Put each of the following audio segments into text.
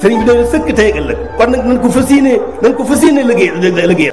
sëriñ bi sëkk tey ëllëg kon nag nañ ko fas yéene nañ ko fas yéene liggéey liggéey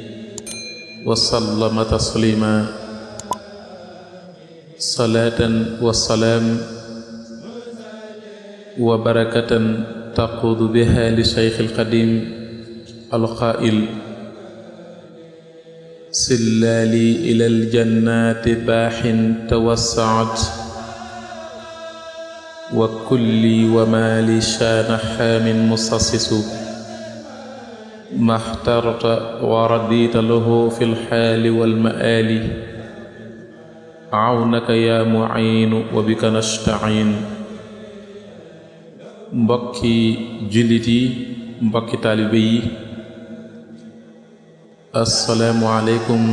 wasallama taslima salaatan wa salaam wa barakatan taquudu biha li cheikh alqadim alqaail sillaali ila aljannati baaxin tawassaat wa kulli wa maali shaana xaamin musassisu ما اخترت ورديت له في الحال والمآل عونك يا معين وبك نستعين mbokki jullit yi mbokki taalibe yi asalaamualeykum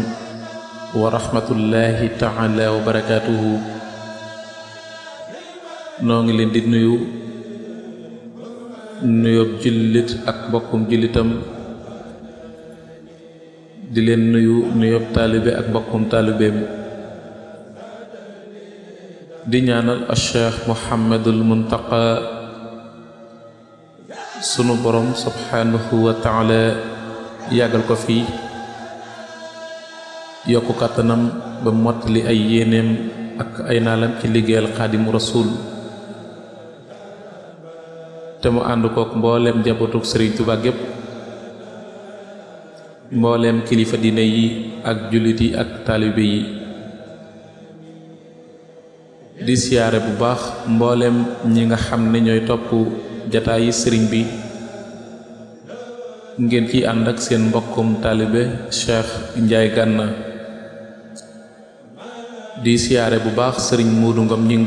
wa rahmatullahi taala wa barakaatuhu noo ngi leen di nuyu nuyób jullit ak mbokkum jullitam di leen nuyu nuyób taalibe ak mbokkum taalibeem di ñaanal acheikh mohammadul muntaqa sunu borom subhanahu wa yàggal ko fii yokku kàttanam ba mottali ay yéeneem ak ay naalam ci liggéeyal xaadimu rasul te mu ànd kook mboolem jabatug sëriñ Tuubaa gépp mboolem kilifa diine yi ak jullit yi ak taalibe yi di siyaare bu baax mbooleem ñi nga xam ne ñooy topp jataayi sëriñ bi ngeen ci ànd ak seen mbokkum taalibe Cheikh Njaay Gànna di siyaare bu baax sëriñ Muudu Ngom Ñing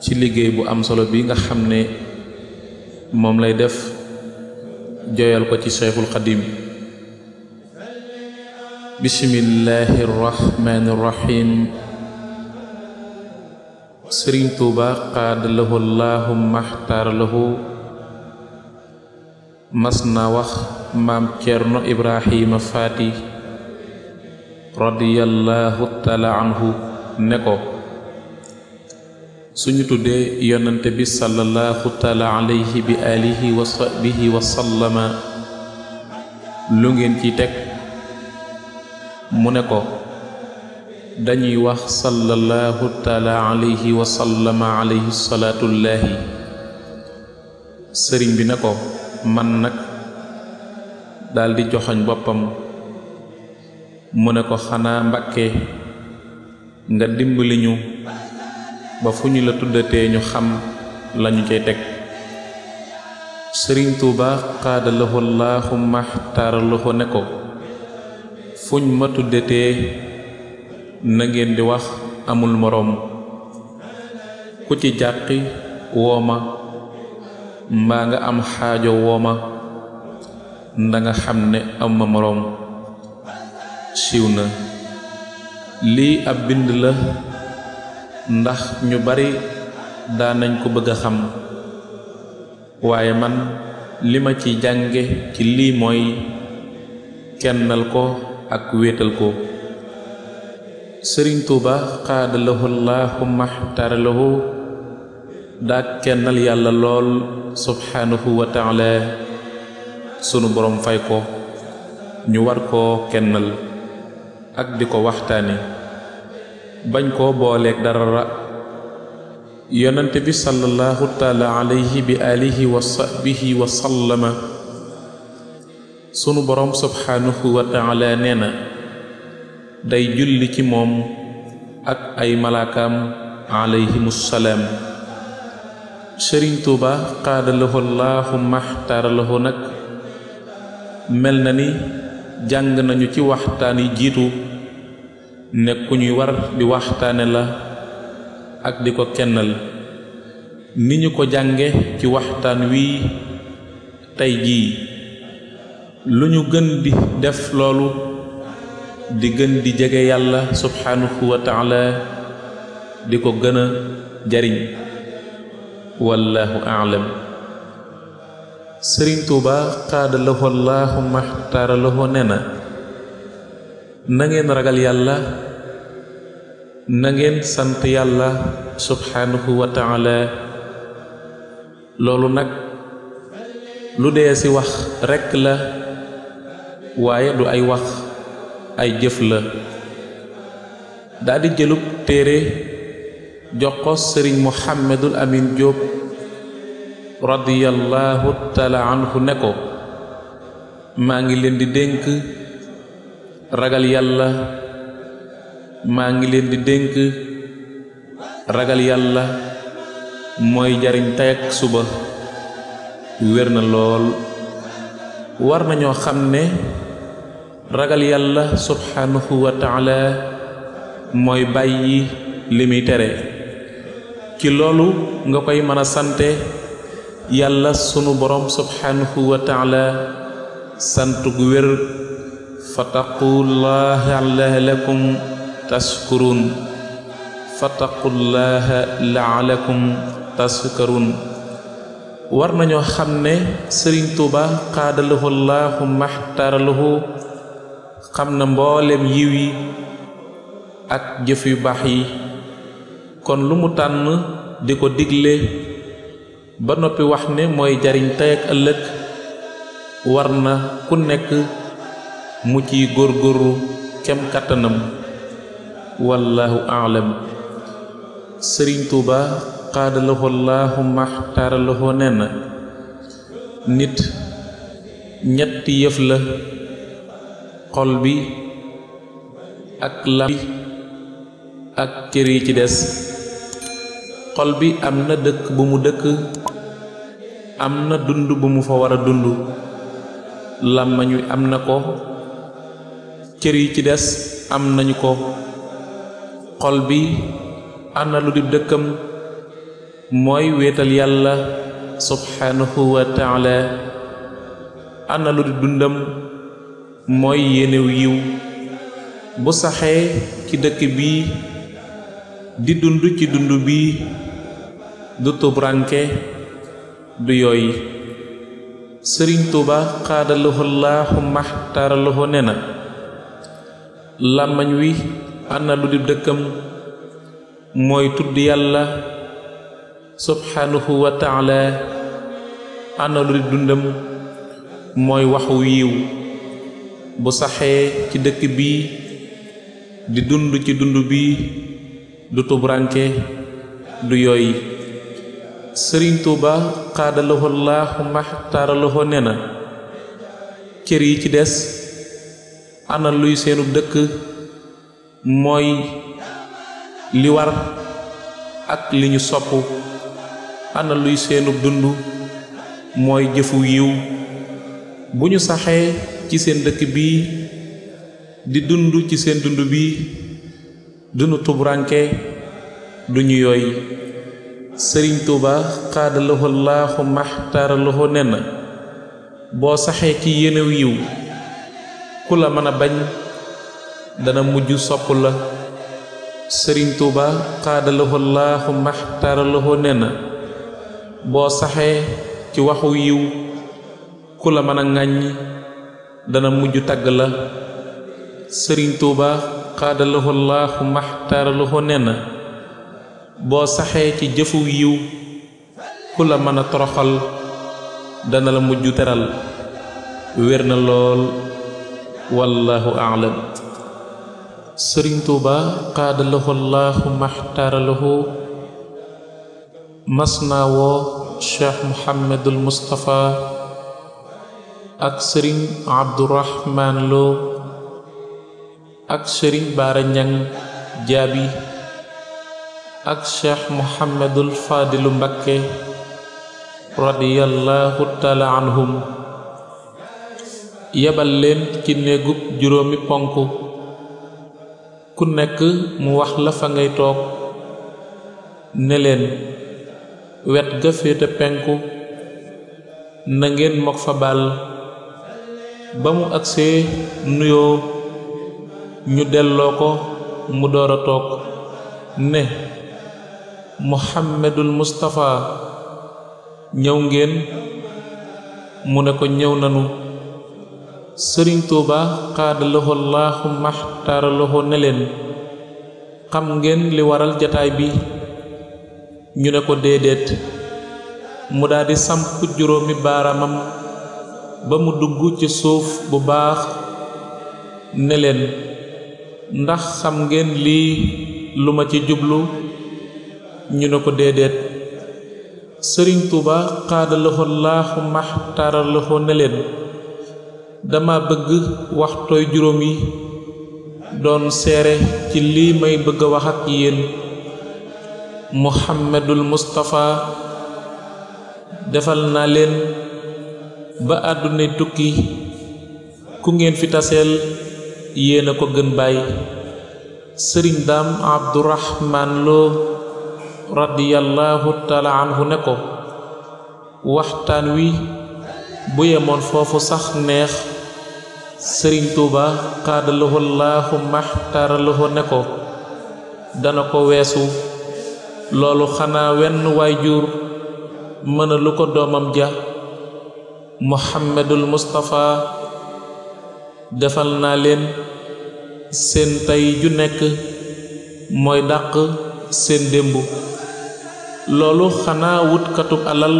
ci liggéey bu am solo bi nga xam ne moom lay def joyal ko ci Cheikhul Xadim bismillahi irrahmani irrahim Sëriñ Tuuba qaada lahu allahumma axtaar lahu mas na wax maam Ceerno Ibrahima Faati radiyallahu taala anhu ne ko suñu tuddee yonante bi sallallahu taala bi alihi wa sahbihi wa sallama lu ngeen ci teg mu ne ko dañuy wax sallallahu taala alayhi wa sallama alayhi salaatullaahi sëriñ bi né ko man nag daldi joxoñ boppam mu ne ko xanaa mbakke nga dimbali ñu ba fu ñu la tuddatee ñu xam lañu cay teg sëriñ tuuba xaada loxo laaxu maxtaara loxo ne ko fuñ ma tuddatee na ngeen di wax amul moroom ku ci jàqi wooma mbaa nga am xaajo wooma ndanga xam ne am ma moroom siiw na lii ab bind la ndax ñu bari daan nañ ko bëgg a xam waaye man li ma ci jànge ci lii mooy kennal ko ak wéetal ko sëriñ tuuba xaadalahu allahumma xtaaralahu daa kennal yàlla lool subhaanahu wa sunu boroom fay ko ñu war ko kennal ak di ko waxtaane bañ koo booleeg dara yonante bi sallallahu taala alayhi bi alihi wa sahbihi sunu boroom subhaanahu wa taala nee na day julli ci moom ak ay malaakaam alayhimussalaam sëriñ tuuba xaadalahu allahumma xtaaralahu nag mel na ni jàng nañu ci waxtaan yi jiitu nekk ku ñuy war di waxtaane la ak di ko kennal ni ñu ko jànge ci waxtaan wi tey jii lu ñu gën di def loolu di gën di jege yàlla subhanahu wa di ko gën a jariñ wallahu aalam sëriñ tuuba xaada laxo allahumma xtaara na nangeen ragal yàlla nangeen sant yàlla subhanahu wa loolu nag lu dee ci wax rekk la waaye du ay wax ay jëf la daldi jëlub téere jox ko sëriñ muhammadul amin jóob radiyallahu taala anhu ne ko maa ngi leen di dénk ragal yàlla maa ngi leen di dénk ragal yàlla mooy jariñ tey ak suba wér na lool war na ñoo xam ne ragal yàlla subhanahu mooy bàyyi li muy tere ci loolu nga koy mën a sante yàlla sunu borom subhanahu sant gu wér fattaqu llaha la'allakum tashkurun fattaqu llaha la'allakum tashkurun war nañoo xam ne sëriñ tuuba xaadalahu llaahu maxtaaralahu xam na mboolem yiw yi ak jëf yu baax yi kon lu mu tànn di ko digle ba noppi wax ne mooy jariñ tey ak ëllëg war na ku nekk mu góor góorgóorlu kem kàttanam wallaahu aalam sëriñ tuuba xaadalaxoo laaxuma taaralaxoo nee na nit ñetti yëf la xol bi ak lam ak cër yi ci des xol bi am na dëkk bu mu dëkk am na dund bu mu fa war a dund làmmañ wi am na ko cër yi ci des am nañu ko xol bi am na lu di dëkkam mooy wéetal yàlla subhanahu wa taala am na lu di dundam mooy yéenew yiw bu saxee ci dëkk bii di dund ci dund bii du tubranke du yooy sëriñ tuuba xaadaluhu laahu maxtaaraluhu ne na làmmañ wi ana lu di dëkkam mooy tudd yàlla subhanahu wa taala lu di dundam mooy waxu yiw bu saxee ci dëkk bi di dund ci dund bi du tubranke du yooy sëriñ tuuba xaadalaho laahu maxtaaralaho nee na cër yi ci des ana luy seenub dëkk mooy li ak li ñu sopp ana luy seenub dund mooy jëfu yiw bu ñu saxee ci seen dëkk bii di dund ci seen dund bii duñu tubranke duñu yooy sëriñ tuuba xaadaloxo laaxu maxtaaraloxo nen boo saxee ci yenew yiw ku la mën a bañ dana mujj sopp la sëriñ tuuba xaadalahu laahu maxtaaralahu nee boo saxee ci waxu yiw ku la mën a ŋàññ dana mujj tagg la sëriñ tuuba xaadalahu laahu maxtaaralahu nee na boo saxee ci jëfu yiw ku la mën a toroxal dana la mujj teral wér na lool wallahu aalam sëriñ tuuba qaada lahu allahu maxtaara lahu mas naa woo cheikh ak sëriñ abdurahmaan loo ak sëriñ baara ñang jaabi ak cheikh mohammadul fadilu mbakke radiyallahu taala anhum yebal leen ci néegub juróomi ponk ku nekk mu wax la fa ngay toog ne leen wet ga féete penku na ngeen mok fa bal ba mu agsee nuyoo ñu delloo ko mu door a toog ne muhammadul mustafa ñëw ngeen mu ne ko ñëw nanu sëriñ tuuba xaada loxo laaxu maxtaara loxo xam ngeen li waral jataay bi ñu ne ko déedéet mu daldi samp juróomi baaraamam ba mu dugg ci suuf bu baax ne leen ndax xam ngeen lii lu ma ci jublu ñu ne ko déedéet sëriñ tuuba xaada loxo laaxu maxtaara loxo dama bëgg waxtooy juróom yi doon seere ci lii may bëgg a wax ak yéen muhammadul mustafa defal naa leen ba àdduna tukki ku ngeen fi taseel yéen ko gën bàyyi sëriñ daam abdurahmaan loo radiyallahu taala ne ko waxtaan wi bu yemoon foofu sax neex sëriñ tuuba xaadalahu laahu maxtaaralahu ne ko dana ko weesu loolu xanaa wenn waay mën a lu ko doomam ja muhammadul mustafa defal naa leen seen tey ju nekk mooy dàq seen démb loolu xanaa wutkatub alal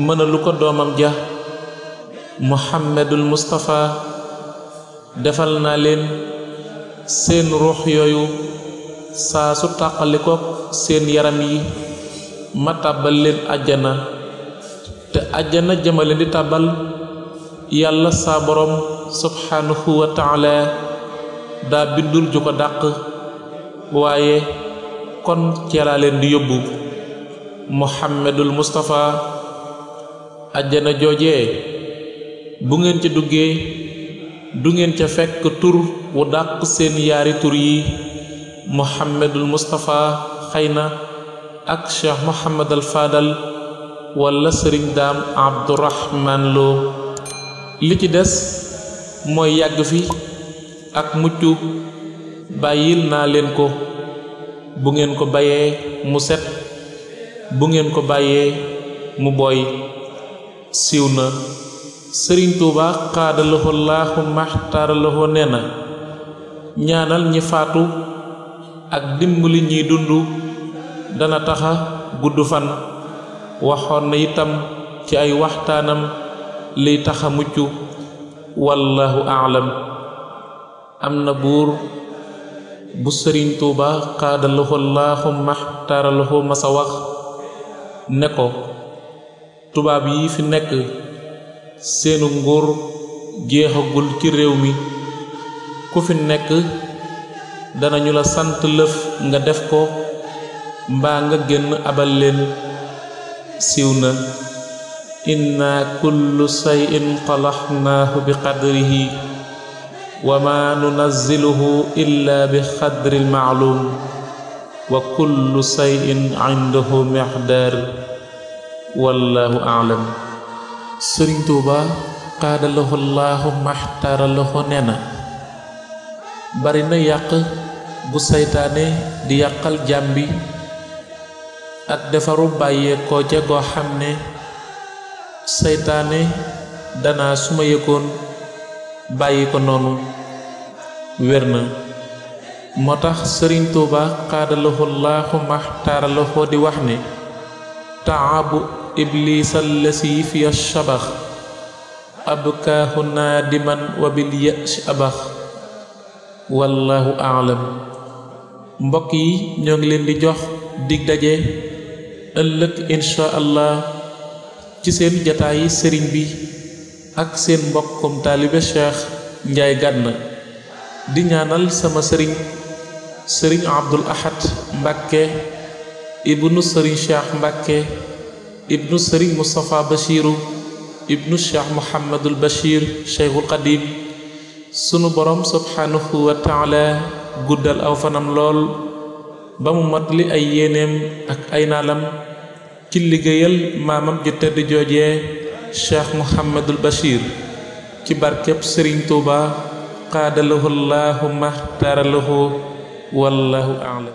mënalu ko doomam ja muhammadul mustafa defal naa leen seen ruux yooyu saa su tàqalikook seen yaram yi ma tàbbal leen àjjana te àjjana jëmale di tàbbal yàlla saa borom subhanahu wa taala daa bindul ju ko dàq waaye kon ceelaa leen di yóbbu muhammadul mustafa ajjana jooje bu ngeen ca duggee du ngeen ca fekk tur wu dàq seen yaari tur yi muhammadul mustafa xëy na ak cheikh mohammad al fadal wala sëriñ daam abdurahman loo li ci des mooy yàgg fi ak mucc bàyyil naa leen ko bu ngeen ko bàyyee mu set bu ngeen ko bàyyee mu boy siiw na sëriñ tuuba xaadalaho laaxu maxtaaralaho nee na ñaanal ñi faatu ak dimbali ñiy dund dana taxa gudd fan waxoon na itam ci ay waxtaanam liy taxa mucc wallaahu aalam am na buur bu sëriñ tuuba xaadalaho laaxu maxtaaralaho masa wax ne ko tubaab yi fi nekk seenu nguur jeexagul ci réew mi ku fi nekk danañu la sant lëf nga def ko mbaa nga génn abal leen siiw na inna kullu shay'in xalaxnaahu bi qadrihi wa ma nunazziluhu illa bi qadri almaalum wa kullu shay'in indahu miqdaar wallaahu aalam sëriñ tuuba xaadaloxo laaxu maxtaraloxo nee na bari na yàq bu seytaane di yàqal jàmm bi ak defaru bàyyee ko ca goo xam ne saytaane danaa suma yëgoon bàyyi ko noonu wér na moo tax sëriñ tuuba xaadaloxo laaxu maxtaraloxo di wax ne taabu ibliis allasi fi shabax abkaahu naadiman wa bil yash abax wallaahu aalam mbokk yi ñoo ngi leen di jox dig daje ëllëg insha allah ci seen jataayi sëriñ bi ak seen mbokkum taalibe cheikh njaay gànna di ñaanal sama sëriñ sëriñ abdul ahad mbàkke ibnu sëriñ cheikh mbàkke ibnu sëriñ moustapha bachiru ibnu cheikh mohamadul bachir cheikhul qadim sunu borom subhanahu wa guddal aw fanam lool ba mu mat li ay yéeneem ak ay ci liggéeyal maamam ju tedd joojee cheikh mohamadul bachir ci barkeb sëriñ tuuba qaadalahu llaahu maxtaaralahu wallahu aalam